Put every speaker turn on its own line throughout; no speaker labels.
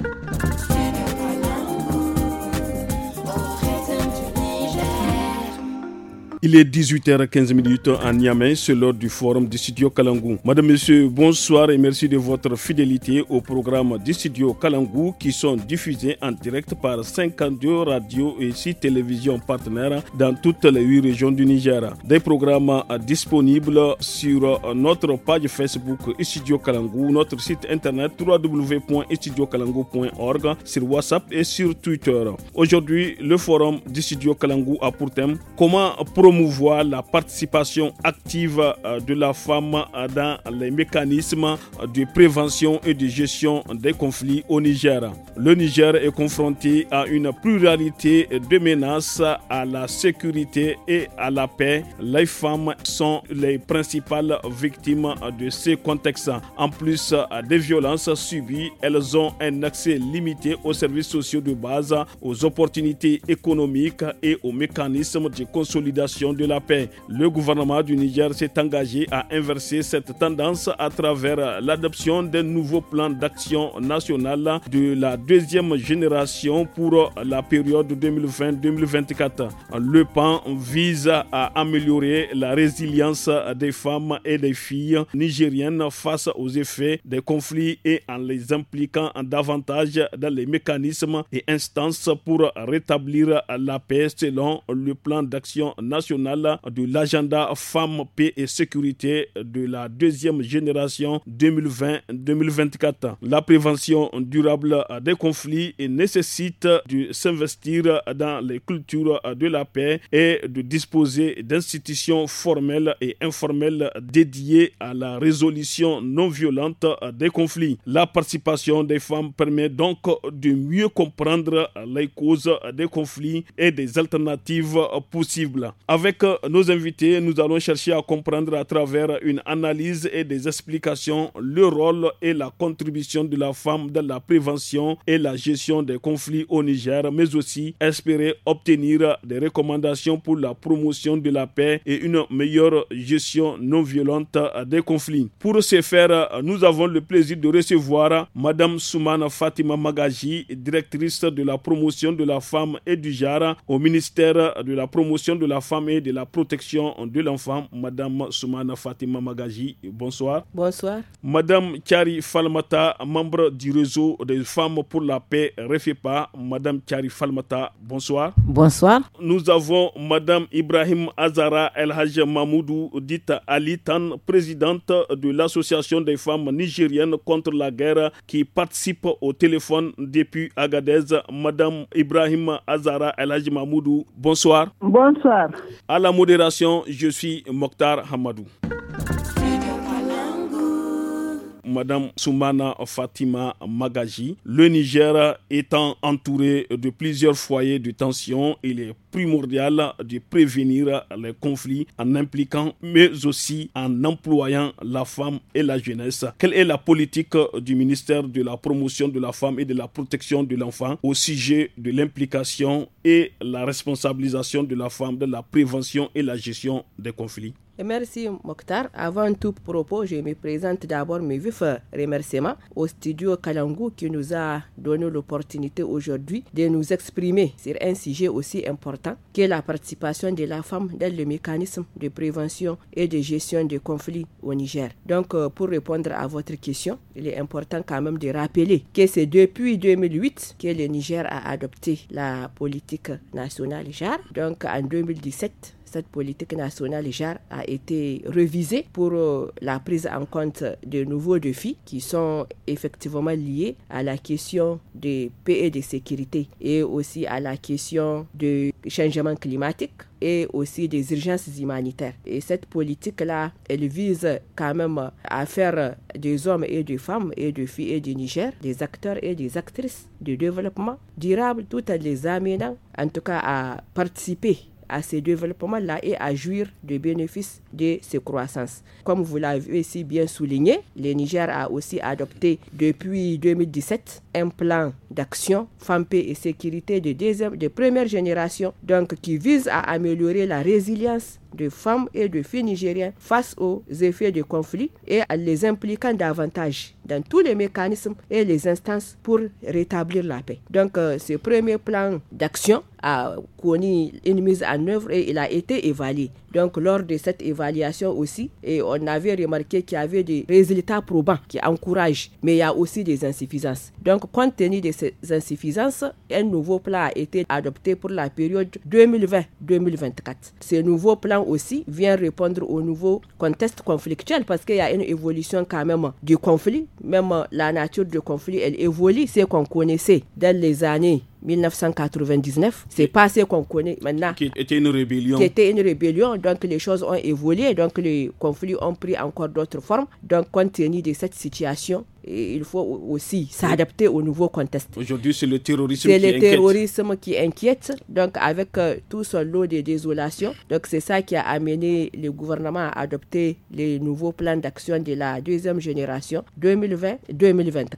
Thank you. Il est 18h15 en Niamey, c'est l'heure du forum du studio Kalangou. Madame, Monsieur, bonsoir et merci de votre fidélité au programme du studio Kalangou qui sont diffusés en direct par 52 radios et 6 télévisions partenaires dans toutes les 8 régions du Niger. Des programmes disponibles sur notre page Facebook Studio Kalangou, notre site internet www.studiokalangou.org, sur WhatsApp et sur Twitter. Aujourd'hui, le forum du studio Kalangou a pour thème comment promouvoir la participation active euh, de la femme euh, dans les mécanismes de prévention et de gestion des conflits au Niger. Le Niger est confronté à une pluralité de menaces à la sécurité et à la paix. Les femmes sont les principales victimes de ces contextes. En plus euh, des violences subies, elles ont un accès limité aux services sociaux de base, aux opportunités économiques et aux mécanismes de consolidation de la paix. Le gouvernement du Niger s'est engagé à inverser cette tendance à travers l'adoption d'un nouveau plan d'action national de la deuxième génération pour la période 2020-2024. Le plan vise à améliorer la résilience des femmes et des filles nigériennes face aux effets des conflits et en les impliquant davantage dans les mécanismes et instances pour rétablir la paix selon le plan d'action national de l'agenda Femmes, Paix et Sécurité de la deuxième génération 2020-2024. La prévention durable des conflits nécessite de s'investir dans les cultures de la paix et de disposer d'institutions formelles et informelles dédiées à la résolution non violente des conflits. La participation des femmes permet donc de mieux comprendre les causes des conflits et des alternatives possibles. Avec euh, nos invités, nous allons chercher à comprendre à travers une analyse et des explications le rôle et la contribution de la femme dans la prévention et la gestion des conflits au Niger, mais aussi espérer obtenir des recommandations pour la promotion de la paix et une meilleure gestion non violente des conflits. Pour ce faire, nous avons le plaisir de recevoir Madame Soumana Fatima Magaji, directrice de la promotion de la femme et du genre au ministère de la promotion de la femme de la protection de l'enfant, Madame Soumana Fatima Magaji. Bonsoir. Bonsoir. Madame Kari Falmata, membre du réseau des femmes pour la paix, REFEPA. Madame Chari Falmata, bonsoir. Bonsoir. Nous avons Madame Ibrahim Azara El Haj Mahmoudou, dite Ali Tan, présidente de l'Association des femmes nigériennes contre la guerre, qui participe au téléphone depuis Agadez. Madame Ibrahim Azara El Haj Mahmoudou, bonsoir. Bonsoir. À la modération, je suis Mokhtar Hamadou. Madame Soumana Fatima Magaji. Le Niger étant entouré de plusieurs foyers de tension, il est primordial de prévenir les conflits en impliquant, mais aussi en employant la femme et la jeunesse. Quelle est la politique du ministère de la promotion de la femme et de la protection de l'enfant au sujet de l'implication et la responsabilisation de la femme de la prévention et la gestion des conflits
Merci Mokhtar. Avant tout propos, je me présente d'abord mes vifs remerciements au studio Kalangu qui nous a donné l'opportunité aujourd'hui de nous exprimer sur un sujet aussi important que la participation de la femme dans le mécanisme de prévention et de gestion des conflits au Niger. Donc euh, pour répondre à votre question, il est important quand même de rappeler que c'est depuis 2008 que le Niger a adopté la politique nationale JAR. Donc en 2017, cette politique nationale a été révisée pour euh, la prise en compte de nouveaux défis qui sont effectivement liés à la question des paix et de sécurité et aussi à la question du changement climatique et aussi des urgences humanitaires. Et cette politique-là, elle vise quand même à faire des hommes et des femmes et des filles et du Niger des acteurs et des actrices du développement durable tout en les amenant en tout cas à participer à ces développements là et à jouir des bénéfices de ces croissances. Comme vous l'avez aussi bien souligné, le Niger a aussi adopté depuis 2017 un plan d'action femmes, paix et sécurité de, deuxième, de première génération donc qui vise à améliorer la résilience de femmes et de filles nigériennes face aux effets de conflits et à les impliquant davantage dans tous les mécanismes et les instances pour rétablir la paix. Donc, euh, ce premier plan d'action a connu une mise en œuvre et il a été évalué. Donc, lors de cette évaluation aussi, et on avait remarqué qu'il y avait des résultats probants qui encouragent, mais il y a aussi des insuffisances. Donc, compte tenu de ces insuffisances, un nouveau plan a été adopté pour la période 2020-2024. Ce nouveau plan aussi vient répondre au nouveau contexte conflictuel parce qu'il y a une évolution quand même du conflit même la nature du conflit, elle évolue. Ce qu'on connaissait dans les années 1999, c'est pas ce qu'on connaît maintenant.
Qui était une rébellion. Qui était
une rébellion. Donc les choses ont évolué. Donc les conflits ont pris encore d'autres formes. Donc compte tenu de cette situation, il faut aussi s'adapter au nouveau contexte. Aujourd'hui, c'est le terrorisme qui inquiète. C'est le terrorisme qui inquiète, donc avec euh, tout son lot de désolation. Donc c'est ça qui a amené le gouvernement à adopter les nouveaux plans d'action de la deuxième génération 2020-2024.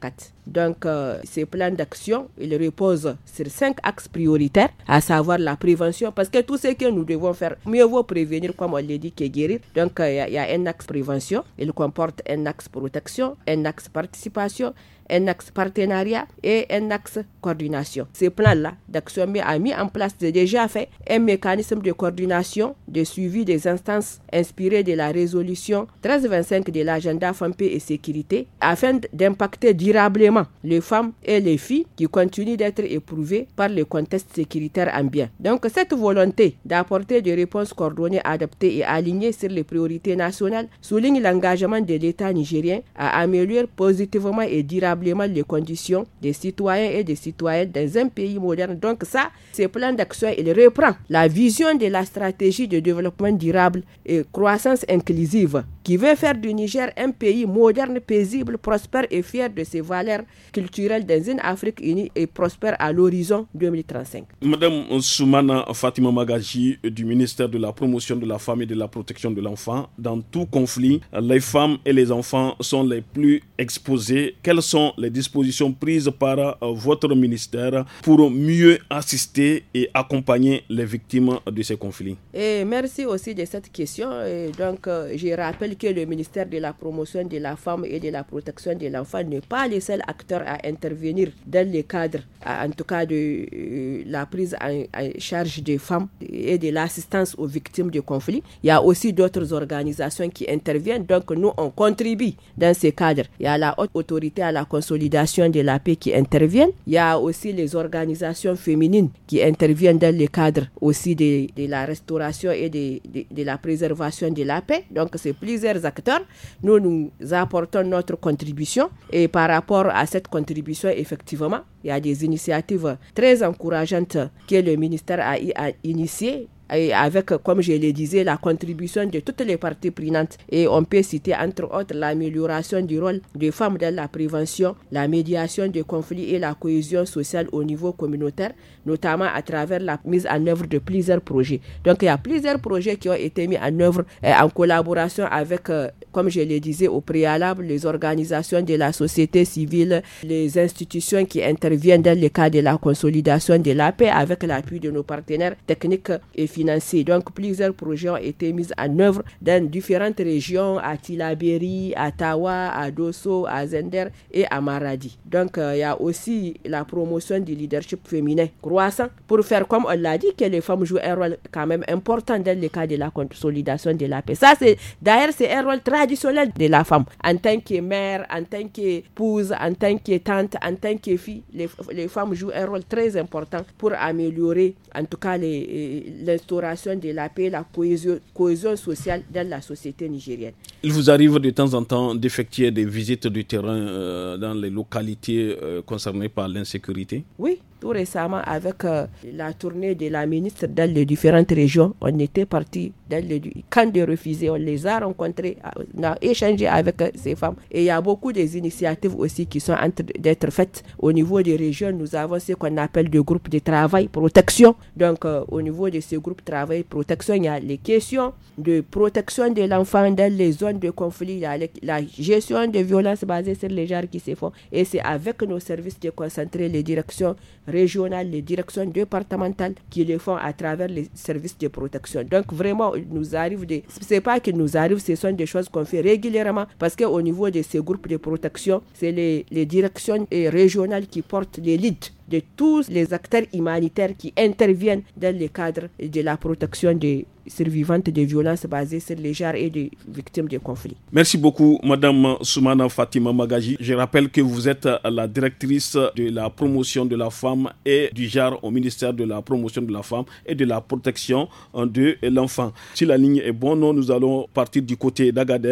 Donc, euh, ces plans d'action, ils reposent sur cinq axes prioritaires, à savoir la prévention, parce que tout ce que nous devons faire, mieux vaut prévenir, comme on l'a dit, que guérir. Donc, euh, il y a un axe prévention, il comporte un axe protection, un axe participation, un axe partenariat et un axe coordination. Ce plan-là d'action a mis en place déjà fait un mécanisme de coordination, de suivi des instances inspirées de la résolution 1325 de l'agenda femmes, paix et sécurité afin d'impacter durablement les femmes et les filles qui continuent d'être éprouvées par le contexte sécuritaire ambiant. Donc cette volonté d'apporter des réponses coordonnées, adaptées et alignées sur les priorités nationales souligne l'engagement de l'État nigérien à améliorer positivement et durablement les conditions des citoyens et des citoyennes dans un pays moderne. Donc ça, ce plan d'action, il reprend la vision de la stratégie de développement durable et croissance inclusive qui veut faire du Niger un pays moderne, paisible, prospère et fier de ses valeurs culturelles dans une Afrique unie et prospère à l'horizon 2035.
Madame Soumana Fatima Magaji du ministère de la Promotion de la Femme et de la Protection de l'Enfant, dans tout conflit, les femmes et les enfants sont les plus exposés. Quelles sont les dispositions prises par euh, votre ministère pour mieux assister et accompagner les victimes de ces conflits
Et merci aussi de cette question. donc, euh, je rappelle que le ministère de la Promotion de la Femme et de la Protection de l'Enfant n'est pas le seul acteur à intervenir dans le cadre, en tout cas, de euh, la prise en, charge des femmes et de l'assistance aux victimes de conflits. Il y a aussi d'autres organisations qui interviennent. Donc, nous, on contribue dans ces cadres. Il y a la haute autorité à la consolidation de la paix qui intervient. Il y a aussi les organisations féminines qui interviennent dans le cadre aussi de, la restauration et de la préservation de la paix. Donc, c'est plus acteurs. Nous, nous apportons notre contribution et par rapport à cette contribution, effectivement, il y a des initiatives très encourageantes que le ministère a, initié et avec, comme je le disais, la contribution de toutes les parties prenantes. Et on peut citer entre autres l'amélioration du rôle des femmes dans la prévention, la médiation des conflits et la cohésion sociale au niveau communautaire, notamment à travers la mise en œuvre de plusieurs projets. Donc il y a plusieurs projets qui ont été mis en œuvre eh, en collaboration avec euh, comme je le disais au préalable, les organisations de la société civile, les institutions qui interviennent dans le cadre de la consolidation de la paix avec l'appui de nos partenaires techniques et financiers. Donc, plusieurs projets ont été mis en œuvre dans différentes régions, à Tilaberi, à Tawa, à Dosso, à Zender et à Maradi. Donc, euh, il y a aussi la promotion du leadership féminin croissant pour faire, comme on l'a dit, que les femmes jouent un rôle quand même important dans le cadre de la consolidation de la paix. Ça, c'est, d'ailleurs, c'est un rôle très traditionnelle de la femme. En tant que mère, en tant qu'épouse, en tant que tante, en tant que fille, les, femmes jouent un rôle très important pour améliorer, en tout cas, euh, l'instauration de la paix, la cohésion, sociale dans la société nigérienne.
Il vous arrive de temps en temps d'effectuer des visites du terrain euh, dans les localités euh, concernées par l'insécurité
Oui, tout récemment, avec euh, la tournée de la ministre dans les différentes régions, on était parti dans les camp de refusés, on les a rencontrés, on a échangé avec euh, ces femmes. Et il y a beaucoup des initiatives aussi qui sont en train d'être faites. Au niveau des régions, nous avons ce qu'on appelle des groupes de travail protection. Donc, euh, au niveau de ce groupe de travail protection, il y a les questions de protection de l'enfant dans les zones de conflit, il y a la gestion des violences basées sur les genres qui se font. Et c'est avec nos services de concentrer les directions régionales, les directions départementales qui le font à travers les services de protection. Donc vraiment, il nous arrive des... C'est pas qu'il nous arrive, ce sont des choses qu'on fait régulièrement parce qu'au niveau de ces groupes de protection, c'est les, les directions régionales qui portent les de tous les acteurs humanitaires qui interviennent dans le cadre de la protection des survivantes de violences basées sur les genres et des victimes de conflits.
Merci beaucoup, Madame Soumana Fatima Magaji. Je rappelle que vous êtes la directrice de la promotion de la femme et du genre au ministère de la promotion de la femme et de la protection de l'enfant. Si la ligne est bonne, nous allons partir du côté d'Agadez.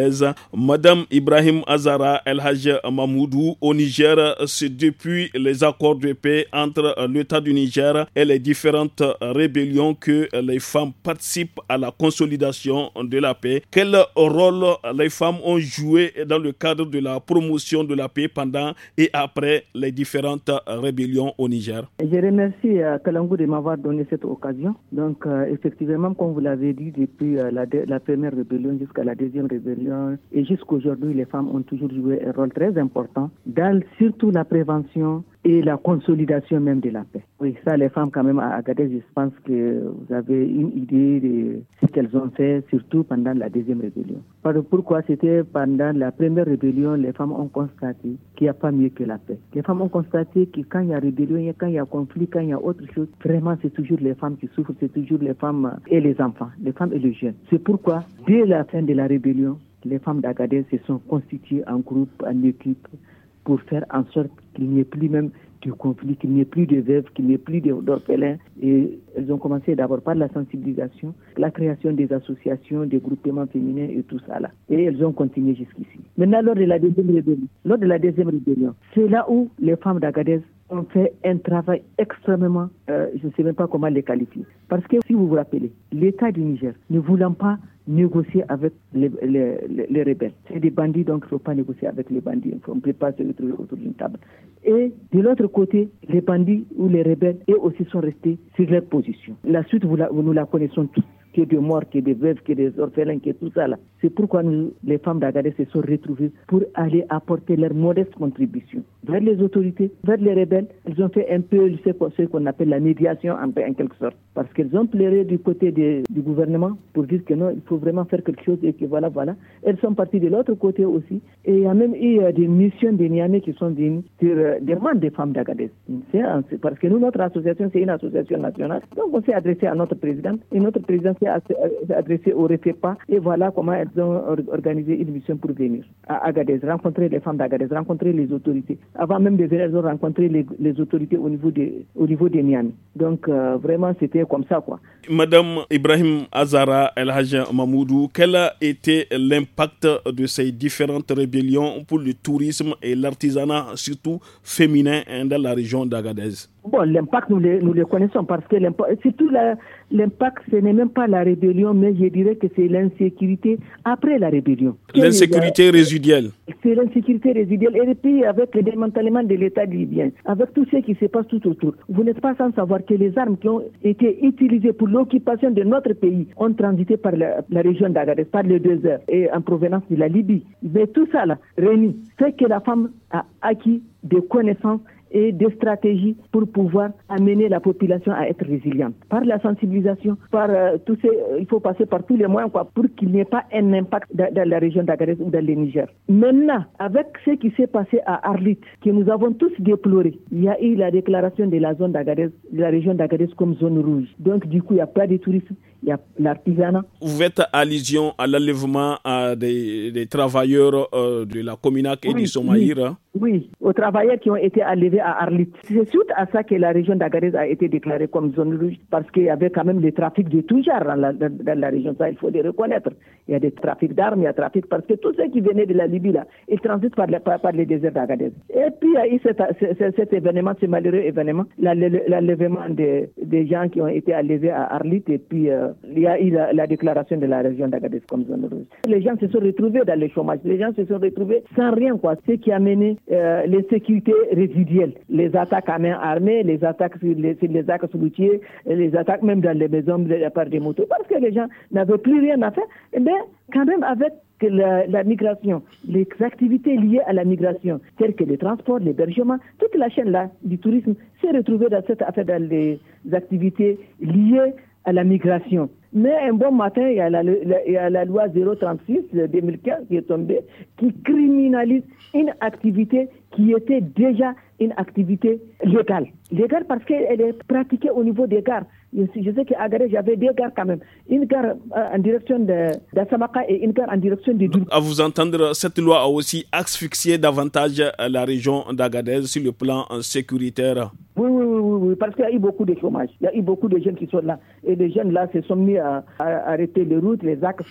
Madame Ibrahim Azara El Hajj Mamoudou au Niger, c'est depuis les accords de paix entre l'État du Niger et les différentes rébellions que les femmes participent à la consolidation de la paix. Quel rôle les femmes ont joué dans le cadre de la promotion de la paix pendant et après les différentes rébellions au Niger
Je remercie euh, Kalangu de m'avoir donné cette occasion. Donc, euh, effectivement, comme vous l'avez dit, depuis euh, la, la, première rébellion jusqu'à la deuxième rébellion et jusqu'aujourd'hui, les femmes ont toujours joué un rôle très important dans surtout la prévention et la consolidation même de la paix. Oui, ça, les femmes, quand même, à Agadez, je pense que vous avez une idée de ce qu'elles ont fait, surtout pendant la deuxième rébellion. Pourquoi C'était pendant la première rébellion, les femmes ont constaté qu'il n'y a pas mieux que la paix. Les femmes ont constaté que quand il y a rébellion, quand il y a conflit, quand il y a autre chose, vraiment, c'est toujours les femmes qui souffrent, c'est toujours les femmes et les enfants, les femmes et les jeunes. C'est pourquoi, dès la fin de la rébellion, les femmes d'Agadez se sont constituées en groupe, en équipe, pour faire en sorte qu'il n'y ait plus même de conflit, qu'il n'y ait plus de veuves, qu'il n'y ait plus d'orphelins. Et elles ont commencé d'abord par la sensibilisation, la création des associations, des groupements féminins et tout ça là. Et elles ont continué jusqu'ici. Maintenant, lors de la deuxième rébellion, lors de la deuxième rébellion, c'est là où les femmes d'Agadez on fait un travail extrêmement, euh, je ne sais même pas comment les qualifier. Parce que si vous vous rappelez, l'État du Niger, ne voulant pas négocier avec les, rebelles, c'est des bandits, donc il ne faut pas négocier avec les bandits, on ne peut pas se retrouver autour d'une table. Et de l'autre côté, les bandits ou les rebelles, eux aussi sont restés sur leur position. La suite, nous la connaissons tous de mort des morts, des veuves, qui des orphelins, tout ça là. C'est pourquoi nous, les femmes d'Agadez se sont retrouvées pour aller apporter leur modeste contribution vers les autorités, vers les rebelles. Elles ont fait un peu ce qu'on appelle la médiation en, quelque sorte. Parce qu'elles ont pleuré du côté du gouvernement pour dire que non, il faut vraiment faire quelque chose et que voilà, voilà. Elles sont parties de l'autre côté aussi. Et il y a même eu euh, des missions de Niamey qui sont venues sur euh, des des femmes d'Agadez. Parce que nous, notre association, c'est une association nationale. Donc on s'est adressé à notre président et notre président s'est à s'adresser au REFEPA et voilà comment elles ont organisé une mission pour venir à Agadez, rencontrer les femmes d'Agadez, rencontrer les autorités. Avant même de venir, elles ont rencontré les, autorités au niveau des, au niveau Niamey. Donc euh, vraiment, c'était comme ça quoi.
Madame Ibrahim Azara El Hajj Mamoudou, quel a été l'impact de ces différentes rébellions pour le tourisme et l'artisanat, surtout féminin, hein, dans la région d'Agadez?
Bon, l'impact, nous le, connaissons parce que l'impact, surtout l'impact, ce n'est même pas la rébellion, mais je dirais que c'est l'insécurité après la rébellion. L'insécurité résiduelle. C'est l'insécurité résiduelle. Et puis, avec le démantèlement de l'État libyen, avec tout ce qui se passe tout autour, vous n'êtes pas sans savoir que les armes qui ont été utilisées pour l'occupation de notre pays ont transité par la, région d'Agadez, par le désert et en provenance de la Libye. Mais tout ça, là, réuni, c'est que la femme a acquis des connaissances et des stratégies pour pouvoir amener la population à être résiliente. Par la sensibilisation, par euh, tous euh, il faut passer par tous les moyens pour qu'il n'y ait pas un impact dans, la région d'Agadez ou dans le Niger. Maintenant, avec ce qui s'est passé à Arlit, que nous avons tous déploré, il y a eu la déclaration de la zone d'Agadez, de la région d'Agadez comme zone rouge. Donc, du coup, il n'y a pas de tourisme, il y a l'artisanat.
Vous faites allusion à l'enlèvement euh, des, des, travailleurs euh, de la Cominac et oui, du hein.
oui, aux travailleurs qui ont été enlevés à Arlit. C'est suite à ça que la région d'Agadez a été déclarée comme zone rouge parce qu'il y avait quand même des trafics de tout genre dans la, région. Ça, il faut les reconnaître. Il y a des trafics d'armes, il y a des trafics parce que tous ceux qui venaient de la Libye, là, ils transitent par, le désert d'Agadez. Et puis, il y a eu cet, événement, ce malheureux événement, l'enlèvement des, gens qui ont été enlevés à Arlit et puis. Euh, il y a eu la, déclaration de la région d'Agadez comme zone rouge. Les gens se sont retrouvés dans le chômage, les gens se sont retrouvés sans rien, quoi. Ce qui a mené euh, les sécurités résiduelles, les attaques à main armée, les attaques sur les, sur routiers, les attaques même dans les maisons part des motos, parce que les gens n'avaient plus rien à faire. Mais eh quand même, avec la, la, migration, les activités liées à la migration, telles que les transports, l'hébergement, toute la chaîne là du tourisme s'est retrouvée dans cette affaire dans les activités liées à la migration. Mais un bon matin, il y a la, loi 036 de 2015 qui est tombée, qui criminalise une activité qui était déjà une activité légale. Légale parce qu'elle est pratiquée au niveau des gares. Je sais qu'à Agadez, j'avais deux gares quand même. Une gare euh, en direction d'Assamaka et une gare en direction de Donc
À vous entendre, cette loi a aussi asphyxié davantage la région d'Agadez sur le plan euh, sécuritaire.
oui parce qu'il y a eu beaucoup de chômage. Il y a eu beaucoup de jeunes qui sont là. Et les jeunes là se sont mis à, arrêter les routes, les axes.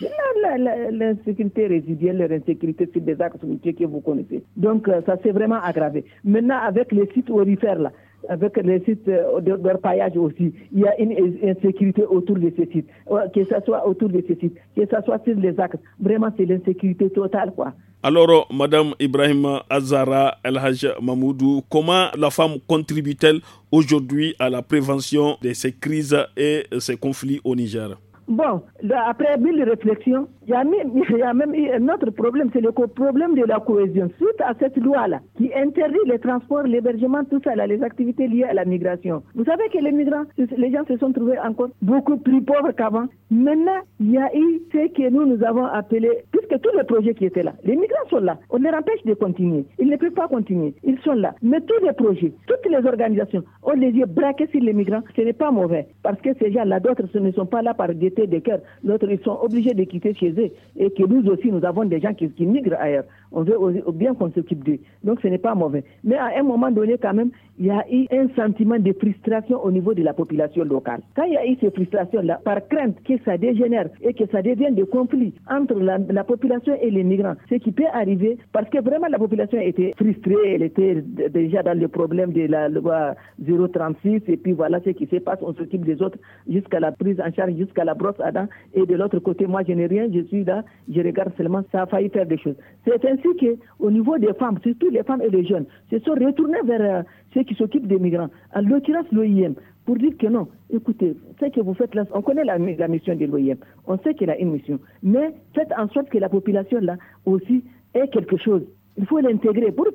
L'insécurité résiduelle, l'insécurité sur des axes que vous connaissez. Donc euh, ça s'est vraiment aggravé. Maintenant, avec les sites orifères là, avec les sites euh, d'orpaillage aussi. Il y a une insécurité autour de ces sites, que ce soit autour de ces sites, que ce soit sur les axes. Vraiment, c'est l'insécurité totale, quoi.
Alors, Madame Ibrahim Azara El Haj Mamoudou, comment la femme contribue-t-elle aujourd'hui à la prévention de ces crises et ces conflits au Niger
Bon, après mille réflexions, il y, a même, eu un autre problème, c'est le problème de la cohésion. Suite à cette loi-là, qui interdit les transports, l'hébergement, tout ça, les activités liées à la migration. Vous savez que les migrants, les gens se sont trouvés encore beaucoup plus pauvres qu'avant. Maintenant, il y a eu ce que nous, nous avons appelé, puisque tous les projets qui étaient là, les migrants sont là. On les empêche de continuer. Ils ne peuvent pas continuer. Ils sont là. Mais tous les projets, toutes les organisations, on les a braqués sur les migrants. Ce n'est pas mauvais. Parce que ces gens-là, d'autres, ce ne sont pas là par détail de des cœurs, d'autres ils sont obligés de quitter chez eux et que nous aussi nous avons des gens qui migrent ailleurs on veut bien qu'on s'occupe d'eux. Donc ce n'est pas mauvais. Mais à un moment donné, quand même, il y a eu un sentiment de frustration au niveau de la population locale. Quand il y a eu ces frustrations-là, par crainte que ça dégénère et que ça devienne des conflits entre la, population et les migrants, ce qui peut arriver, parce que vraiment la population était frustrée, elle était déjà dans le problème de la loi 036, et puis voilà ce qui se passe, on s'occupe des autres jusqu'à la prise en charge, jusqu'à la brosse à dents, et de l'autre côté, moi je n'ai rien, je suis là, je regarde seulement, ça a failli faire des choses. C'est que qu'au niveau des femmes, surtout les femmes et les jeunes, se sont retournés vers euh, ceux qui s'occupent des migrants, en l'occurrence l'OIM, pour dire que non, écoutez, ce que vous faites là, on connaît la, la mission de l'OIM, on sait qu'elle a une mission, mais faites en sorte que la population là aussi ait quelque chose il faut l'intégrer pour,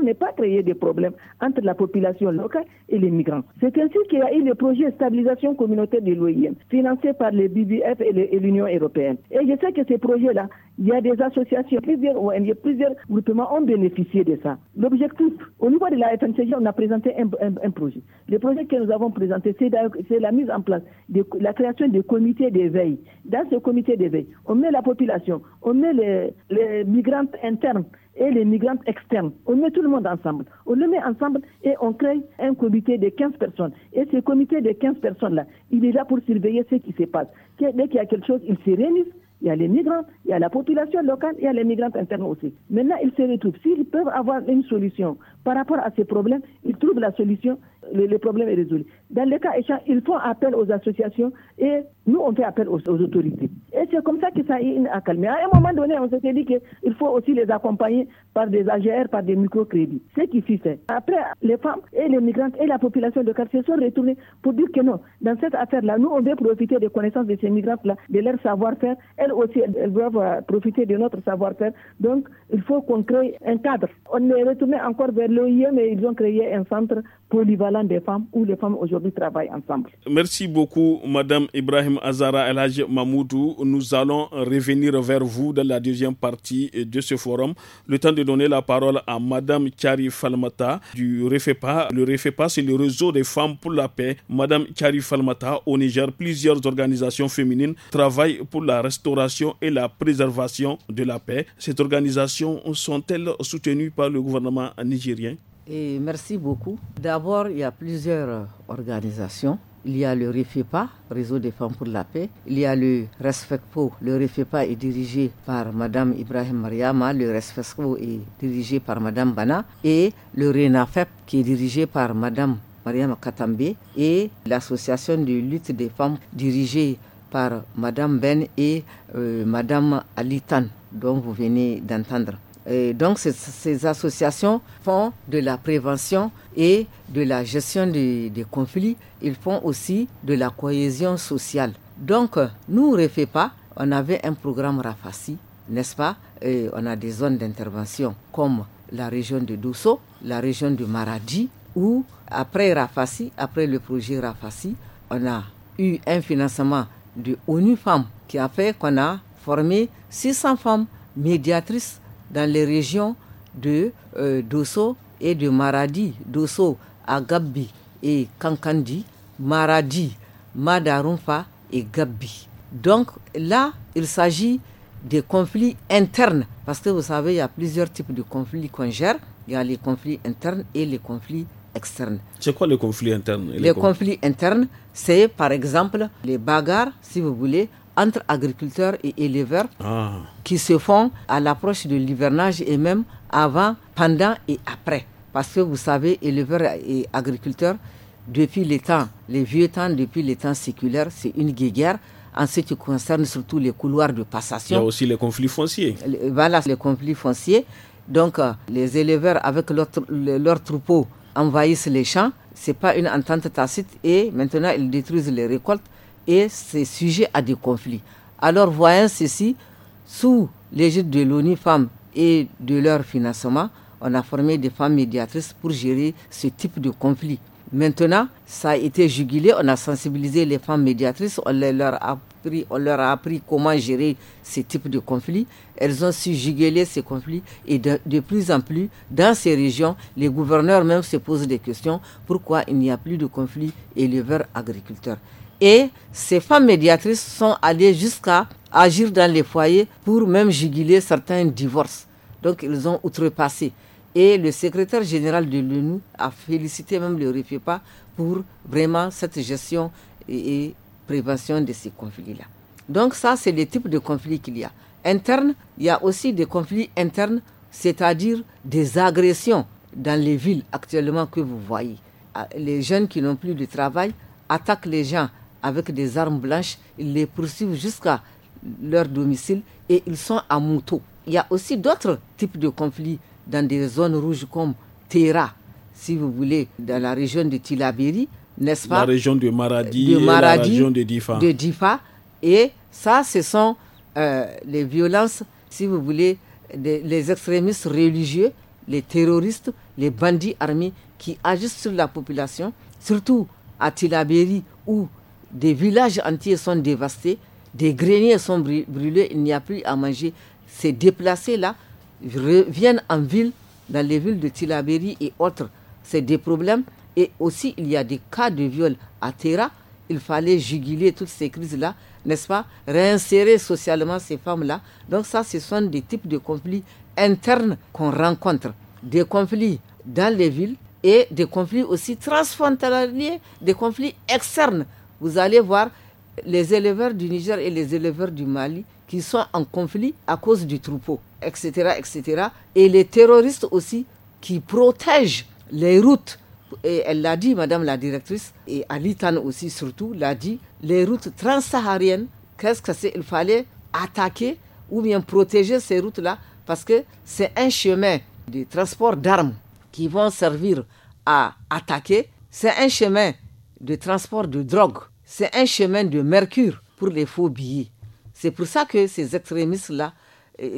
ne pas créer des problèmes entre la population locale et les migrants. C'est ainsi qu'il y a eu le projet de stabilisation communautaire de l'OIM, financé par le BBF et l'Union européenne. Et je sais que ces projets-là, il y a des associations, plusieurs ONG, plusieurs groupements ont bénéficié de ça. L'objectif, au niveau de la FNCG, on a présenté un, projet. Le projet que nous avons présenté, c'est la mise en place, de, la création de comités d'éveil. Dans ce comité d'éveil, on met la population, on met les, les migrants internes, et les migrants externes. On met tout le monde ensemble. On le met ensemble et on crée un comité de 15 personnes. Et ce comité de 15 personnes-là, il est là pour surveiller ce qui se passe. Dès qu'il y a quelque chose, ils se réunissent. Il y a les migrants, il y a la population locale, il y a les migrants internes aussi. Maintenant, ils se retrouvent. S'ils peuvent avoir une solution par rapport à ces problèmes, ils trouvent la solution, le, le problème est résolu. Dans le cas échéant, ils font appel aux associations et nous, on fait appel aux, autorités. Et c'est comme ça que ça a calmé. À un moment donné, on s'était dit qu'il faut aussi les accompagner par des AGR, par des microcrédits. Ce qui s'y fait. Après, les femmes et les migrantes et la population de quartier sont retournées pour dire que non, dans cette affaire-là, nous, on veut profiter des connaissances de ces migrantes-là, de leur savoir-faire. Elles aussi, elles doivent euh, profiter de notre savoir-faire. Donc, il faut qu'on crée un cadre. On est retourné encore vers l'OIE, mais ils ont créé un centre polyvalent des femmes où les femmes aujourd'hui travaillent ensemble.
Merci beaucoup, Madame Ibrahim. Azara El Mamoudou, nous allons revenir vers vous dans la deuxième partie de ce forum. Le temps de donner la parole à Madame Chari Falmata du REFEPA. Le REFEPA, c'est le réseau des femmes pour la paix. Madame Kari Falmata, au Niger, plusieurs organisations féminines travaillent pour la restauration et la préservation de la paix. Ces organisations sont-elles soutenues par le gouvernement nigérien
et merci beaucoup. D'abord, il y a plusieurs organisations il y a le REFEPA, Réseau des femmes pour la paix, il y a le RESFECPO. Le REFEPA est dirigé par Madame Ibrahim Mariama, le RESFECPO est dirigé par Madame Bana et le RENAFEP qui est dirigé par Madame Mariama Katambe et l'association de lutte des femmes dirigée par Madame Ben et Mme euh, Madame Alitan dont vous venez d'entendre donc ces, associations font de la prévention et de la gestion des, conflits. Ils font aussi de la cohésion sociale. Donc nous, pas on avait un programme Rafasi, n'est-ce pas On a des zones d'intervention comme la région de Dousso, la région de Maradi, où après Rafasi, après le projet Rafasi, on a eu un financement de ONU Femmes qui a fait qu'on a formé 600 femmes médiatrices dans les régions de euh, Dosso et de Maradi, Dosso, Gabi et Kankandi, Maradi, Madarumfa et Gabi. Donc là, il s'agit des conflits internes, parce que vous savez, il y a plusieurs types de conflits qu'on gère. Il y a les conflits internes et les conflits externes. C'est quoi les conflits
internes les conflits
internes, c'est par exemple les bagarres, si vous voulez, entre agriculteurs et éleveurs ah. qui se font à l'approche de l'hivernage et même avant, pendant et après. Parce que vous savez, éleveurs et agriculteurs, depuis les temps, les vieux temps, depuis les temps séculaires, c'est une guerre en ce qui concerne surtout les couloirs de passation. Il y a aussi les conflits fonciers. Voilà, les conflits fonciers. Donc, euh, les éleveurs avec leurs leur troupeaux envahissent les champs. Ce n'est pas une entente tacite et maintenant ils détruisent les récoltes et c'est sujet à des conflits. Alors, voyant ceci, sous l'égide de l'ONU Femmes et de leur financement, on a formé des femmes médiatrices pour gérer ce type de conflit. Maintenant, ça a été jugulé, on a sensibilisé les femmes médiatrices, on leur a appris, on leur a appris comment gérer ce type de conflit. Elles ont su juguler ces conflits et de, plus en plus, dans ces régions, les gouverneurs même se posent des questions. Pourquoi il n'y a plus de conflits éleveurs-agriculteurs et ces femmes médiatrices sont allées jusqu'à agir dans les foyers pour même juguler certains divorces. Donc ils ont outrepassé. Et le secrétaire général de l'ONU a félicité même le RIFEPA pour vraiment cette gestion et, et prévention de ces conflits-là. Donc ça, c'est le type de conflit qu'il y a. Interne, il y a aussi des conflits internes, c'est-à-dire des agressions dans les villes actuellement que vous voyez. Ah, les jeunes qui n'ont plus de travail attaquent les gens avec des armes blanches, ils les poursuivent jusqu'à leur domicile et ils sont à moto. Il y a aussi d'autres types de conflits dans des zones rouges comme Terra, si vous voulez, dans la région de Tilaberi, n'est-ce pas La région de Maradi, la région de Difa. De Et ça, ce sont euh, les violences, si vous voulez, les extrémistes religieux, les terroristes, les bandits armés qui agissent sur la population, surtout à Tilaberi ou des villages entiers sont dévastés, des greniers sont brûlés, il n'y a plus à manger. Ces déplacés-là reviennent en ville, dans les villes de Tilaberi et autres. C'est des problèmes. Et aussi, il y a des cas de viol à Terra. Il fallait juguler toutes ces crises-là, n'est-ce pas Réinsérer socialement ces femmes-là. Donc ça, ce sont des types de conflits internes qu'on rencontre. Des conflits dans les villes et des conflits aussi transfrontaliers, des conflits externes vous allez voir les éleveurs du Niger et les éleveurs du Mali qui sont en conflit à cause du troupeau, etc., etc. Et les terroristes aussi qui protègent les routes. Et elle l'a dit, Madame la directrice, et Alitan aussi surtout l'a dit, les routes transsahariennes, qu'est-ce que c'est Il fallait attaquer ou bien protéger ces routes-là parce que c'est un chemin de transport d'armes qui vont servir à attaquer, c'est un chemin de transport de drogue c'est un chemin de mercure pour les faux billets. C'est pour ça que ces extrémistes-là,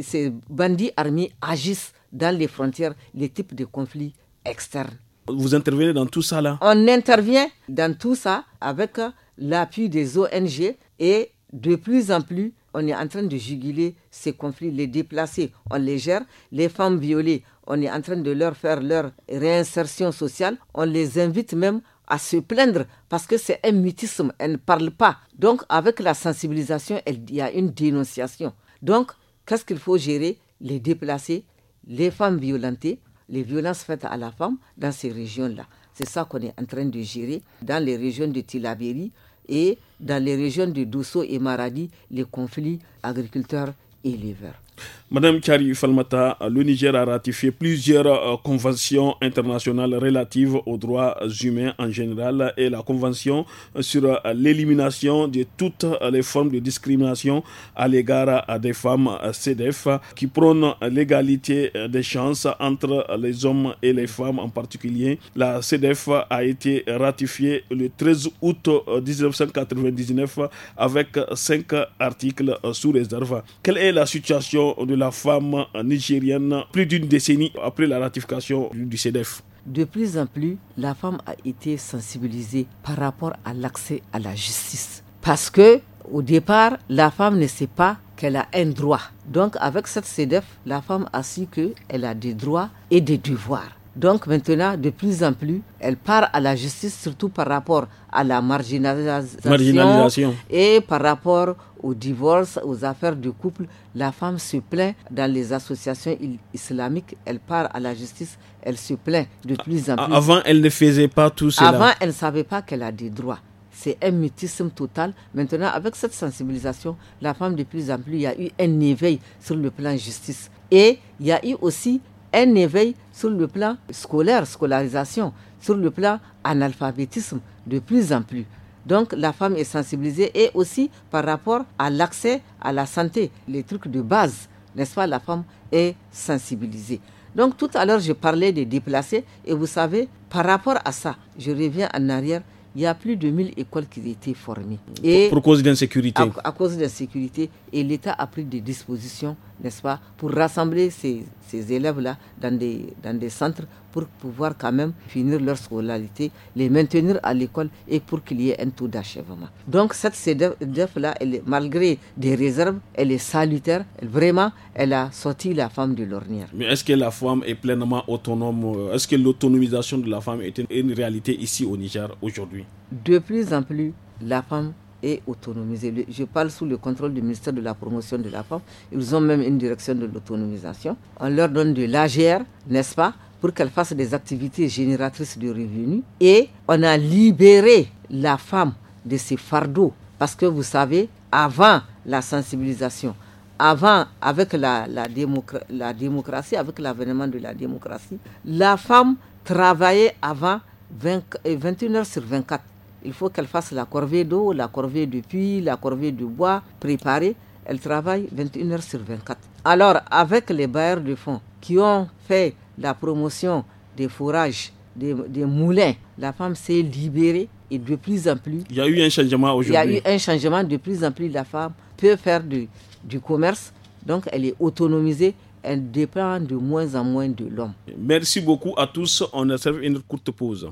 ces bandits armés agissent dans les frontières, les types de conflits externes. Vous intervenez dans tout ça là On intervient dans tout ça avec euh, l'appui des ONG et de plus en plus, on est en train de juguler ces conflits, les déplacer, on les gère, les femmes violées, on est en train de leur faire leur réinsertion sociale, on les invite même à se plaindre parce que c'est un mutisme, elle ne parle pas. Donc avec la sensibilisation, il y a une dénonciation. Donc qu'est-ce qu'il faut gérer Les déplacés, les femmes violentées, les violences faites à la femme dans ces régions-là. C'est ça qu'on est en train de gérer dans les régions de Tilaberi et dans les régions de Dousso et Maradi, les conflits agriculteurs-éleveurs.
et Madame Kari Falmata, le Niger a ratifié plusieurs euh, conventions internationales relatives aux droits humains en général et la convention sur euh, l'élimination de toutes les formes de discrimination à l'égard euh, des femmes CDF qui prône l'égalité des chances entre les hommes et les femmes en particulier. La CDF a été ratifiée le 13 août 1999 avec cinq articles sous réserve. Quelle est la situation de de la femme nigérienne plus d'une décennie
après la ratification du CEDEF. De plus en plus, la femme a été sensibilisée par rapport à l'accès à la justice. Parce que, au départ, la femme ne sait pas qu'elle a un droit. Donc, avec cette CEDEF, la femme a su qu'elle a des droits et des devoirs. Donc maintenant, de plus en plus, elle part à la justice, surtout par rapport à la marginalisation, et par rapport au divorce, aux affaires du couple. La femme se plaint dans les associations islamiques, elle part à la justice, elle se plaint de plus en plus. Avant,
elle ne faisait pas tout cela. Avant,
elle ne savait pas qu'elle a des droits c'est un mutisme total. Maintenant, avec cette sensibilisation, la femme de plus en plus, il y a eu un éveil sur le plan justice. Et il y a eu aussi un éveil sur le plan scolaire, scolarisation, sur le plan analphabétisme de plus en plus. Donc la femme est sensibilisée et aussi par rapport à l'accès à la santé, les trucs de base, n'est-ce pas, la femme est sensibilisée. Donc tout à l'heure, je parlais des déplacés et vous savez, par rapport à ça, je reviens en arrière, il y a plus de 1000 écoles qui ont été formées. Et pour, cause d'insécurité. À, à, cause d'insécurité. Et l'État a pris des dispositions n'est-ce pas, pour rassembler ces, élèves-là dans des, centres pour pouvoir quand même finir leur scolarité, les maintenir à l'école et pour qu'il y ait un taux d'achèvement. Donc cette CDF-là, e malgré des réserves, elle est salutaire. Elle, vraiment, elle a sorti la femme de l'ornière.
Mais est-ce que la femme est pleinement autonome Est-ce que l'autonomisation de la femme est une réalité ici au Niger
aujourd'hui De plus en plus, la femme et autonomiser. Je parle sous le contrôle du ministère de la Promotion de la Femme. Ils ont même une direction de l'autonomisation. On leur donne de l'AGR, n'est-ce pas, pour qu'elles fassent des activités génératrices de revenus. Et on a libéré la femme de ses fardeaux. Parce que vous savez, avant la sensibilisation, avant, avec la, la démocratie, avec l'avènement de la démocratie, la femme travaillait avant 20, 21 h sur 24. Il faut qu'elle fasse la corvée d'eau, la corvée de puits, la corvée de bois, préparée. Elle travaille 21 heures sur 24. Alors, avec les bailleurs de fonds qui ont fait la promotion des fourrages, des, moulins, la femme s'est libérée et de plus en plus.
Il y a eu un changement aujourd'hui. Il y a eu
un changement. De plus en plus, la femme peut faire du, du commerce. Donc, elle est autonomisée elle dépend de moins en moins de l'homme.
Merci beaucoup à tous. On a fait une courte pause.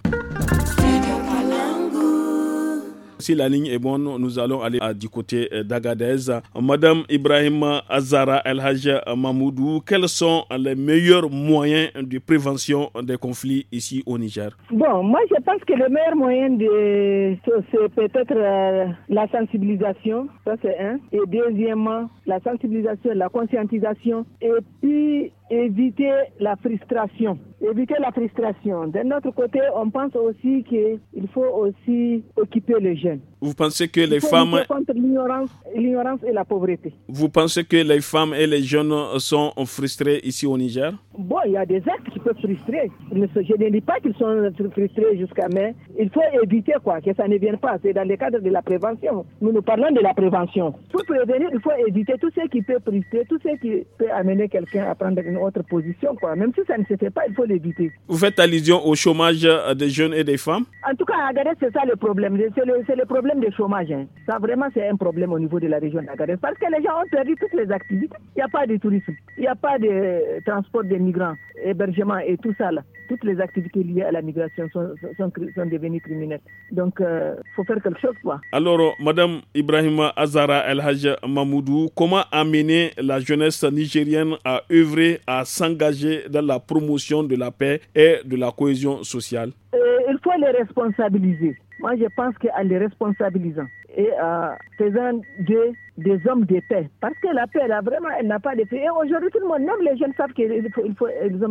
Si la ligne est bonne, nous allons aller euh, du côté euh, d'Agadez. Madame Ibrahim Azara El Hajj Mamoudou, quels sont les meilleurs moyens de prévention des conflits ici au Niger
Bon, moi je pense que le meilleur moyen de c'est peut-être euh, la sensibilisation, ça c'est un. Et deuxièmement, la sensibilisation, la conscientisation. Et puis éviter la frustration. Éviter la frustration. D'un autre côté, on pense aussi qu'il faut aussi occuper les jeunes.
Vous pensez que les femmes...
l'ignorance et la pauvreté.
Vous pensez que les femmes et les jeunes sont frustrés ici au Niger
Bon, il y a des actes qui peuvent frustrer. Je ne dis pas qu'ils sont frustrés jusqu'à mais il faut éviter quoi, que ça ne vienne pas. C'est dans le cadre de la prévention. Nous nous parlons de la prévention. Pour prévenir, il faut éviter tout ce qui peut frustrer, tout ce qui peut amener quelqu'un à prendre une autre position. Quoi. Même si ça ne se fait pas, il faut l'éviter.
Vous faites allusion au chômage des jeunes et des femmes
En tout cas, regardez, c'est ça le problème. C'est le problème de chômage, hein. ça vraiment c'est un problème au niveau de la région d'Agadez parce que les gens ont perdu toutes les activités. Il n'y a pas de tourisme, il n'y a pas de transport des migrants, hébergement et tout ça. Là. Toutes les activités liées à la migration sont, sont, devenues criminelles. Donc, il euh, faut faire quelque chose.
Quoi. Alors, Madame Ibrahima Azara El Hajj Mamoudou, comment amener la jeunesse nigérienne à œuvrer, à s'engager dans la promotion de la paix et de la cohésion sociale
euh, Il faut les responsabiliser. Moi, je pense qu'en les responsabilisant, et en euh, faisant des hommes de paix. Parce que la paix, là, vraiment, elle n'a pas de prix. Et aujourd'hui, tout le monde, même les jeunes savent qu'il faut, ils ont,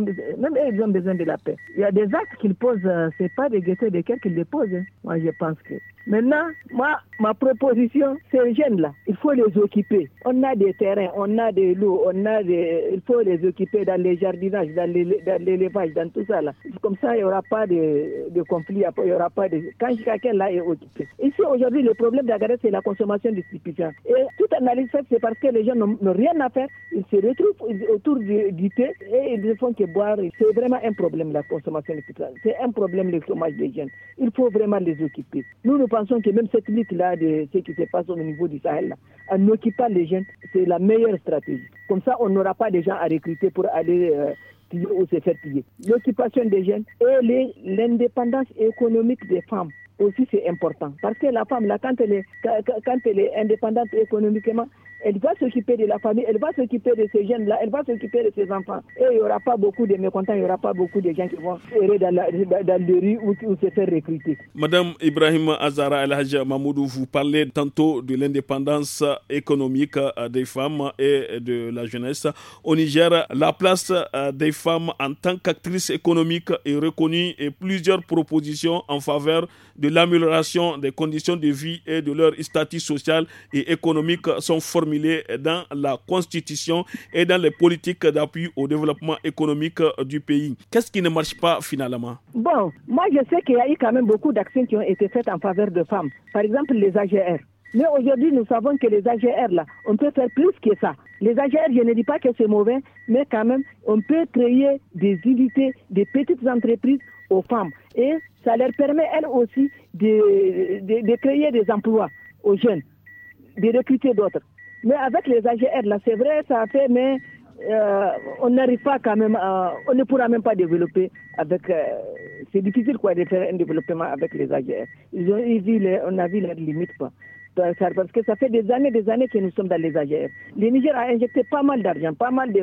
même besoin de la paix. Il y a des actes qu'ils posent, euh, c'est pas des guettés de cœur qu'ils les hein. Moi, je pense que. Maintenant, moi, ma proposition, ces jeunes-là, il faut les occuper. On a des terrains, on a des loups, on a des, il faut les occuper dans les jardinages, dans l'élevage, dans, dans tout ça là. Comme ça, il n'y aura pas de, de conflit, il n'y aura pas de, quand quelqu'un là est occupé. Ici, aujourd'hui, le problème c'est la consommation de stupéfiants. Et toute analyse faite, c'est parce que les gens n'ont rien à faire. Ils se retrouvent autour du, thé et ils ne font que boire. C'est vraiment un problème, la consommation de stupéfiants. C'est un problème, le chômage des jeunes. Il faut vraiment les occuper. Nous, nous pensons que même cette lutte-là, de ce qui se passe au niveau du Sahel, en occupant les jeunes, c'est la meilleure stratégie. Comme ça, on n'aura pas des gens à recruter pour aller... Euh, ou se faire piller. L'occupation des jeunes et l'indépendance économique des femmes aussi c'est important. Parce que la femme, là, quand, elle est, quand elle est indépendante économiquement, elle va s'occuper de la famille, elle va s'occuper de ces jeunes-là, elle va s'occuper de ses enfants. Et il n'y aura pas beaucoup de mécontents, il n'y aura pas beaucoup de gens qui vont errer dans, les rues ou, se faire recruter.
Madame Ibrahim Azara Hadja Mamoudou, vous parlez tantôt de l'indépendance économique euh, des femmes et de la jeunesse. Au Niger, la place euh, des femmes en tant qu'actrices économiques est reconnue et plusieurs propositions en faveur de l'amélioration des conditions de vie et de leur statut social et économique sont formulées dans la Constitution et dans les politiques d'appui au développement économique du pays. Qu'est-ce qui ne marche pas finalement
Bon, moi je sais qu'il y a eu quand même beaucoup d'actions qui ont été faites en faveur de femmes. Par exemple, les AGR. Mais aujourd'hui, nous savons que les AGR, là, on peut faire plus que ça. Les AGR, je ne dis pas que c'est mauvais, mais quand même, on peut créer des unités, des petites entreprises aux femmes. Et ça leur permet, elles aussi, de, créer des emplois aux jeunes, de recruter d'autres. Mais avec les AGR, là, c'est vrai, ça a fait, mais euh, on n'arrive pas quand même, à, on ne pourra même pas développer avec. Euh, c'est difficile quoi de faire un développement avec les AGR. Ils ont, les, on a vu leurs limites Parce que ça fait des années, des années que nous sommes dans les AGR. Le Niger a injecté pas mal d'argent, pas mal de,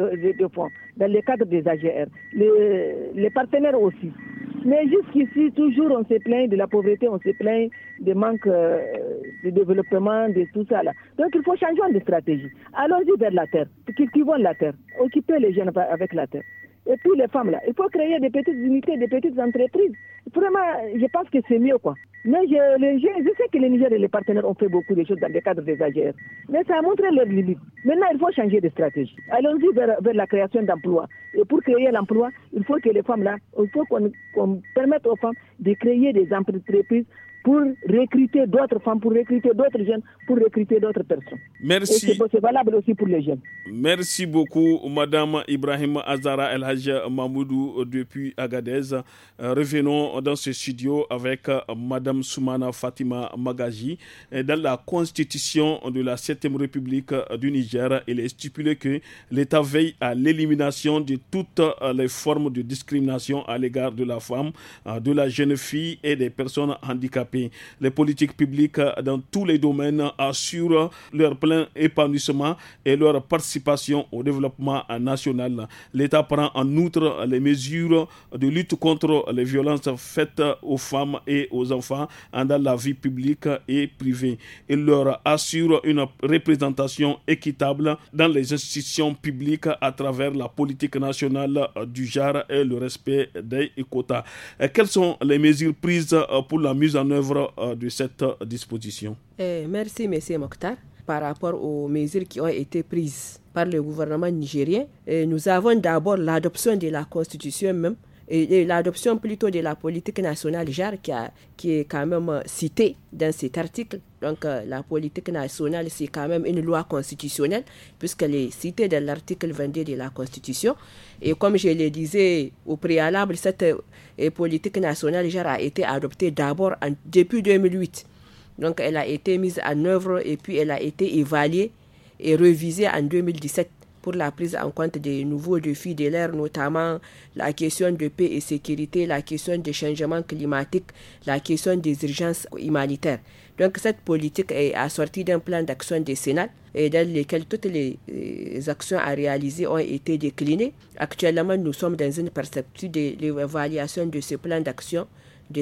fonds dans le cadre des AGR. Les, les partenaires aussi. Mais jusqu'ici, toujours, on se plaint de la pauvreté, on se plaint des manques euh, de développement, de tout ça. Là. Donc, il faut changer de stratégie. Allons-y vers la terre, cultivons la terre, occuper les jeunes avec la terre et pour les femmes là. Il faut créer des petites unités, des petites entreprises. Vraiment, je pense que c'est mieux quoi. Mais je, sais que les Niger et les partenaires ont fait beaucoup de choses dans le cadre des AGR. Mais ça a montré leur limites. Maintenant, il faut changer de stratégie. Allons-y vers, la création d'emplois. Et pour créer l'emploi, il faut que les femmes là, il faut qu'on permette aux femmes de créer des entreprises pour recruter d'autres femmes, pour recruter d'autres jeunes, pour recruter d'autres personnes.
Merci. c'est
valable aussi pour les jeunes.
Merci beaucoup, Madame Ibrahim Azara El Hajj Mamoudou euh, depuis Agadez. Euh, revenons dans ce studio avec euh, Madame Soumana Fatima Magaji. Dans la constitution de la 7e République du Niger, il est stipulé que l'État veille à l'élimination de toutes les formes de discrimination à l'égard de la femme, de la jeune fille et des personnes handicapées les politiques publiques euh, dans tous les domaines assurent leur plein épanouissement et leur participation au développement national. L'État prend en outre les mesures de lutte contre les violences faites aux femmes et aux enfants dans la vie publique et privée. Il leur assure une représentation équitable dans les institutions publiques à travers la politique nationale du genre et le respect des quotas. Euh, quelles sont les mesures prises euh, pour la mise en œuvre euh, de cette euh, disposition
eh, Merci, M. Mokhtar. Par rapport aux mesures qui ont été prises par le gouvernement nigérien, eh, nous avons d'abord l'adoption de la Constitution même et, l'adoption plutôt de la politique nationale JAR qui, est quand même euh, citée dans cet article. Donc euh, la politique nationale, c'est quand même une loi constitutionnelle puisqu'elle est citée dans l'article 22 de la Constitution. Et comme je le disais au préalable, cette euh, politique nationale JAR a été adoptée d'abord depuis 2008. Donc elle a été mise en œuvre et puis elle a été évaluée et révisée en 2017 pour la prise en compte des nouveaux défis de l'ère, notamment la question de paix et sécurité, la question des changements climatiques, la question des urgences humanitaires. Donc cette politique est assortie d'un plan d'action décennal et dans lequel toutes les euh, actions à réaliser ont été déclinées. Actuellement, nous sommes dans une perspective de l'évaluation de ce plan d'action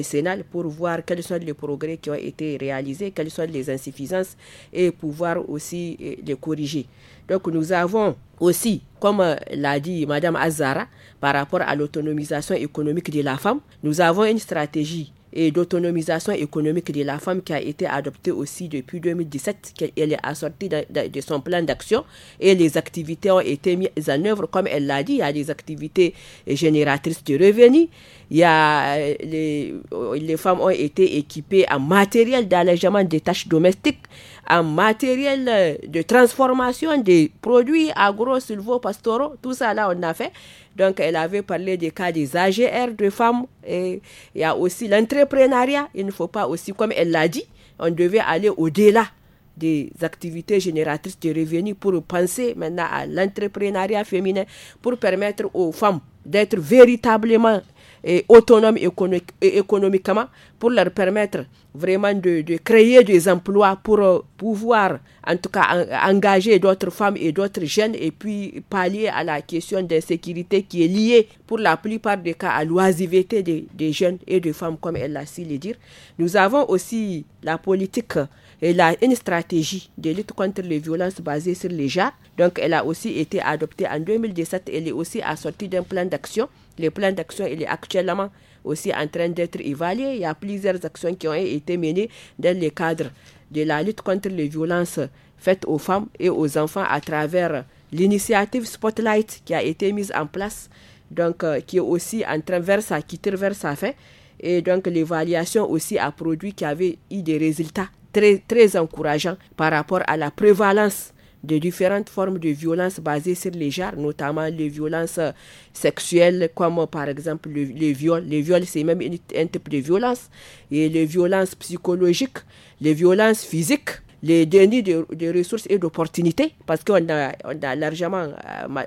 Sénat pour voir quels sont les progrès qui ont été réalisés, quelles sont les insuffisances et pouvoir aussi eh, les corriger. Donc nous avons aussi, comme euh, l'a dit Madame Azara, par rapport à l'autonomisation économique de la femme, nous avons une stratégie et d'autonomisation économique de la femme qui a été adoptée aussi depuis 2017, qu'elle est assortie de, son plan d'action et les activités ont été mises en œuvre. Comme elle l'a dit, il y a des activités génératrices de revenus, il a euh, les, euh, les femmes ont été équipées en matériel d'allègement des tâches domestiques, en matériel euh, de transformation des produits agro pastoraux tout ça là on a fait. Donc, elle avait parlé des cas des AGR de femmes. Et il y a aussi l'entrepreneuriat. Il ne faut pas aussi, comme elle l'a dit, on devait aller au-delà des activités génératrices de revenus pour penser maintenant à l'entrepreneuriat féminin, pour permettre aux femmes d'être véritablement et autonomes économiquement pour leur permettre vraiment de, créer des emplois pour euh, pouvoir en tout cas engager d'autres femmes et d'autres jeunes et puis pallier à la question d'insécurité qui est liée pour la plupart des cas à l'oisiveté des, des, jeunes et des femmes comme elle a si le dire. Nous avons aussi la politique elle a une stratégie de lutte contre les violences basées sur les gens Donc, elle a aussi été adoptée en 2017. Elle est aussi assortie d'un plan d'action. Le plan d'action, il est actuellement aussi en train d'être évalué. Il y a plusieurs actions qui ont été menées dans le cadre de la lutte contre les violences faites aux femmes et aux enfants à travers l'initiative Spotlight qui a été mise en place, donc euh, qui est aussi en train vers sa, vers sa fin. Et donc l'évaluation aussi a produit qu'il y avait eu des résultats très, très encourageant par rapport à la prévalence de différentes formes de violences basées sur les genres, notamment les violences sexuelles, comme par exemple le, les viols. Les viols, c'est même un type de violence. Et les violences psychologiques, les violences physiques les deniers de, ressources et d'opportunités, parce qu'on a, on a largement, euh,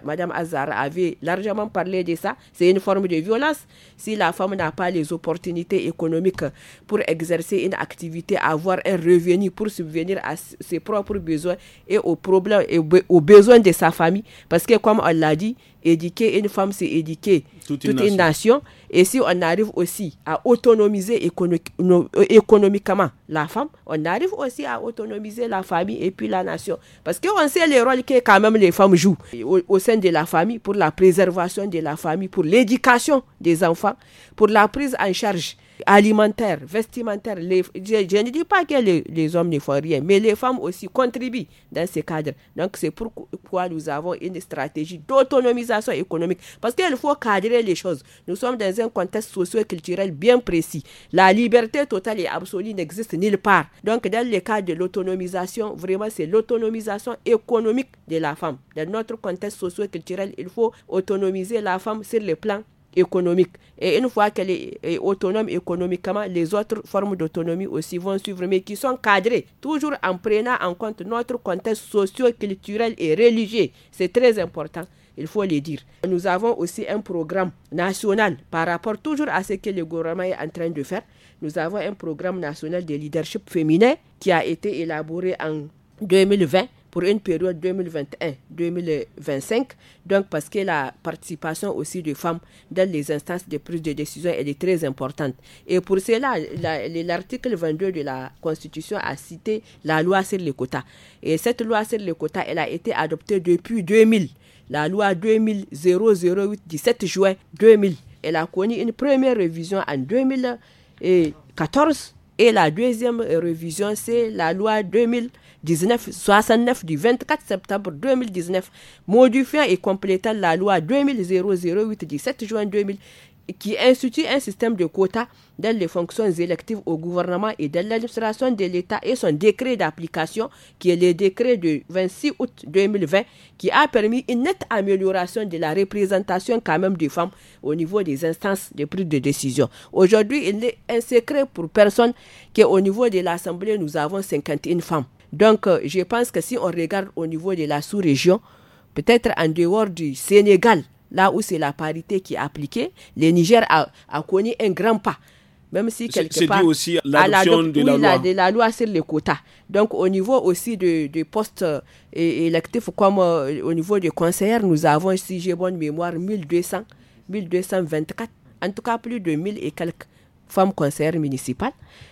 Madame Azar avait largement parlé de ça, c'est une forme de violence. Si la femme n'a pas les opportunités économiques pour exercer une activité, avoir un revenu pour subvenir à ses propres besoins et aux problèmes et aux besoins de sa famille, parce que comme on l'a dit, éduquer une femme, c'est éduquer toute, une, nation. Et si on arrive aussi à autonomiser euh, économiquement la femme, on arrive aussi à autonomiser la famille et puis la nation. Parce qu'on sait les rôles que quand même les femmes jouent au sein de la famille, pour la préservation de la famille, pour l'éducation des enfants, pour la prise en charge alimentaire, vestimentaire. je, ne dis pas que les, hommes ne font rien, mais les femmes aussi contribuent dans ces cadres. Donc c'est pourquoi nous avons une stratégie d'autonomisation économique, parce qu'il faut cadrer les choses. Nous sommes dans un contexte socio-culturel bien précis. La liberté totale et absolue n'existe nulle part. Donc dans le cadre de l'autonomisation, vraiment c'est l'autonomisation économique de la femme. Dans notre contexte socio-culturel, il faut autonomiser la femme sur le plan économique. Et une fois qu'elle est autonome économiquement, les autres formes d'autonomie aussi vont suivre, mais qui sont cadrées, toujours en prenant en compte notre contexte socio-culturel et religieux. C'est très important il faut le dire. Nous avons aussi un programme national par rapport toujours à ce que le gouvernement est en train de faire. Nous avons un programme national de leadership féminin qui a été élaboré en 2020 pour une période 2021-2025, donc parce que la participation aussi des femmes dans les instances de prise de décision, elle est très importante. Et pour cela, l'article 22 de la Constitution a cité la loi sur les quotas. Et cette loi sur les quotas, elle a été adoptée depuis 2000. La loi 2000-008 17 juin 2000. Elle a connu une première révision en 2014 et la deuxième révision, c'est la loi 2000. 1969 du 24 septembre 2019, modifiant et complétant la loi 2008 du 7 juin 2000 qui institue un système de quotas dans les fonctions électives au gouvernement et dans l'administration de l'État et son décret d'application, qui est le décret du 26 août 2020, qui a permis une nette amélioration de la représentation quand même des femmes au niveau des instances de prise de décision. Aujourd'hui, il n'est un secret pour personne qu'au niveau de l'Assemblée, nous avons 51 femmes. Donc, euh, je pense que si on regarde au niveau de la sous-région, peut-être en dehors du Sénégal, là où c'est la parité qui est appliquée, le Niger a, connu un grand pas. Même si quelque part. C'est dit aussi l'adoption de, la loi. de la loi sur les quotas. Donc, au niveau aussi des de postes euh, électifs, comme euh, au niveau des conseillers, nous avons, si j'ai bonne mémoire, 1200, 1224, en tout cas plus de 1000 et quelques femmes conseillères municipales.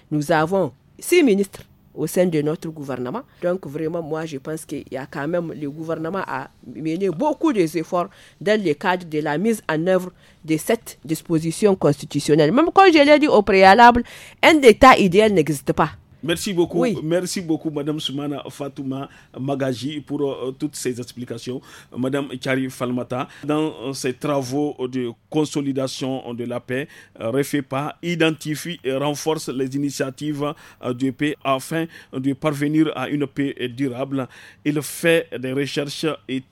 Nous avons six ministres au sein de notre gouvernement. Donc vraiment, moi, je pense qu'il y a quand même, le gouvernement a mené beaucoup d'efforts dans le cadre de la mise en œuvre de cette disposition constitutionnelle. Même quand je l'ai dit au préalable, un État idéal n'existe pas.
Merci beaucoup, merci beaucoup, Madame Soumana Fatouma Magaji, pour euh, toutes ces explications. Madame Kari Falmata, dans ses euh, travaux de consolidation de la paix, euh, refait pas identifie et renforce les initiatives de paix afin de parvenir à une paix durable. Il fait des recherches et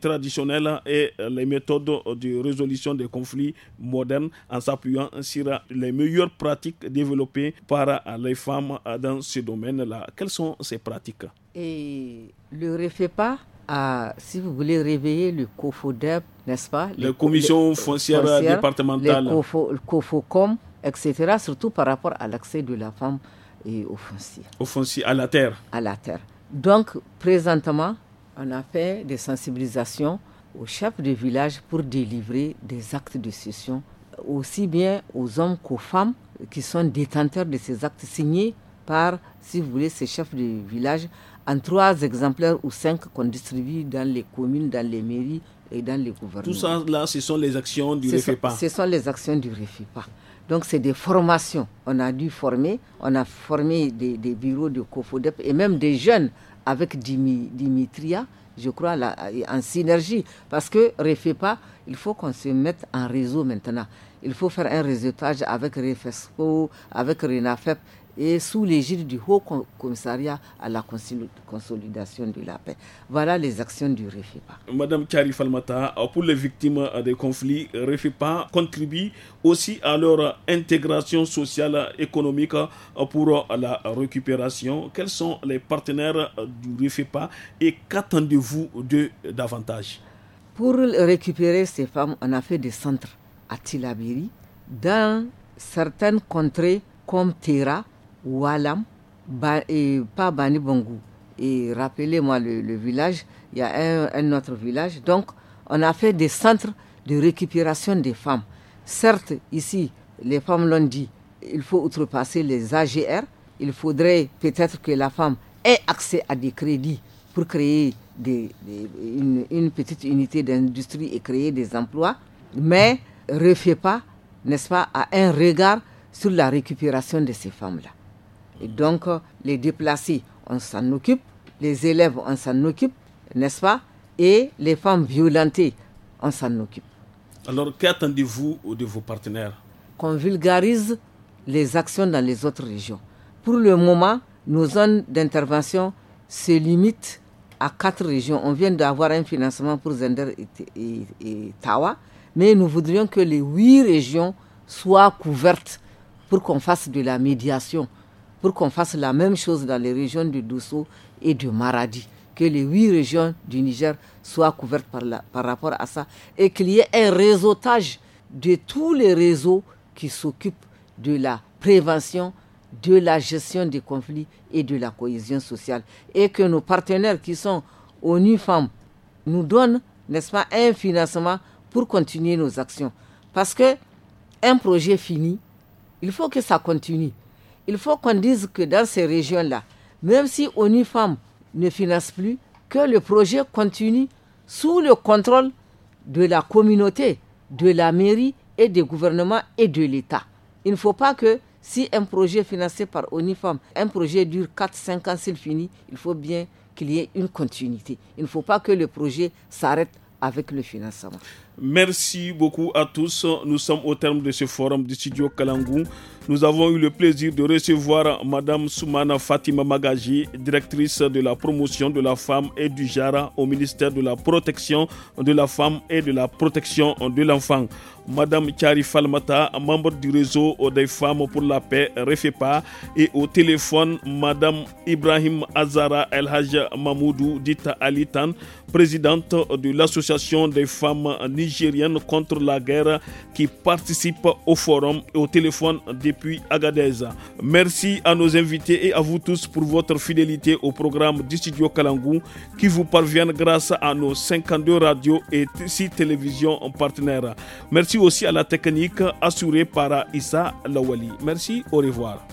traditionnelles et les méthodes de résolution des conflits modernes en s'appuyant sur les meilleures pratiques développées par les femmes dans dans ce domaine-là Quelles sont ces pratiques
Et le pas a, si vous voulez, réveiller le COFODEP, n'est-ce pas Les, Commission commissions Départementale. foncières, départementales. Le COFOCOM, etc., surtout par rapport à l'accès de la femme et au foncier.
Au foncier, à la terre. À la terre.
Donc, présentement, on a fait des sensibilisations aux chefs de village pour délivrer des actes de cession, aussi bien aux hommes qu'aux femmes qui sont détenteurs de ces actes signés par, si vous voulez, ces chefs de village en trois exemplaires ou cinq qu'on distribue dans les communes, dans les mairies et dans les gouvernements. Tout ça,
là, ce sont les actions du REFIPA. Ce
sont les actions du REFIPA. Donc, c'est des formations. On a dû former, on a formé des, bureaux de COFODEP et même des jeunes avec Dimitria, je crois, en synergie. Parce que REFIPA, il faut qu'on se mette en réseau maintenant. Il faut faire un réseautage avec REFESCO, avec RENAFEP et sous l'égide du Haut Commissariat à la consolidation de la paix. Voilà les actions du REFIPA.
Madame Kari Falmata, pour les victimes des conflits, REFIPA contribue aussi à leur intégration sociale et économique pour la récupération. Quels sont les partenaires du REFEPA et qu'attendez-vous de davantage
Pour récupérer ces femmes, on a fait des centres à Tilabiri, dans certaines contrées comme Terra, Walam, et pas Bani Bangou. Et rappelez-moi le, village, il y a un, autre village. Donc, on a fait des centres de récupération des femmes. Certes, ici, les femmes l'ont dit, il faut outrepasser les AGR. Il faudrait peut-être que la femme ait accès à des crédits pour créer des, une, petite unité d'industrie et créer des emplois, mais refait pas, n'est-ce pas, à un regard sur la récupération de ces femmes-là. Et donc, euh, les déplacés, on s'en occupe, les élèves, on s'en occupe, n'est-ce pas Et les femmes violentées, on s'en occupe. Alors,
qu'attendez-vous de vos
partenaires Qu'on vulgarise les actions dans les autres régions. Pour le moment, nos zones d'intervention se limitent à quatre régions. On vient d'avoir un financement pour Zender et, Tawa, mais nous voudrions que les huit régions soient couvertes pour qu'on fasse de la médiation pour qu'on fasse la même chose dans les régions de Dosso et de Maradi, que les huit régions du Niger soient couvertes par, par rapport à ça, et qu'il y ait un réseautage de tous les réseaux qui s'occupent de la prévention, de la gestion des conflits et de la cohésion sociale. Et que nos partenaires qui sont ONU Femmes nous donnent, n'est-ce pas, un financement pour continuer nos actions. Parce que un projet fini, il faut que ça continue il faut qu'on dise que dans ces régions-là, même si ONIFAM ne finance plus, que le projet continue sous le contrôle de la communauté, de la mairie et des gouvernements et de l'État. Il ne faut pas que si un projet financé par ONIFAM, un projet dure 4-5 ans s'il finit, il faut bien qu'il y ait une continuité. Il ne faut pas que le projet s'arrête avec le financement.
Merci beaucoup à tous. Nous sommes au terme de ce forum du studio Kalangou. Nous avons eu le plaisir de recevoir Madame Soumana Fatima Magaji, directrice de la promotion de la femme et du Jara, au ministère de la protection de la femme et de la protection de l'enfant. Madame Chari Falmata, membre du réseau des femmes pour la paix, REFEPA, et au téléphone, Madame Ibrahim Azara El Haj Mamoudou, dite Alitan, présidente de l'Association des femmes nigériennes contre la guerre, qui participe au forum et au téléphone des puis Agadez. Merci à nos invités et à vous tous pour votre fidélité au programme du studio Kalangou qui vous parvient grâce à nos 52 radios et 6 télévisions en partenaire. Merci aussi à la technique assurée par Issa Lawali. Merci, au revoir.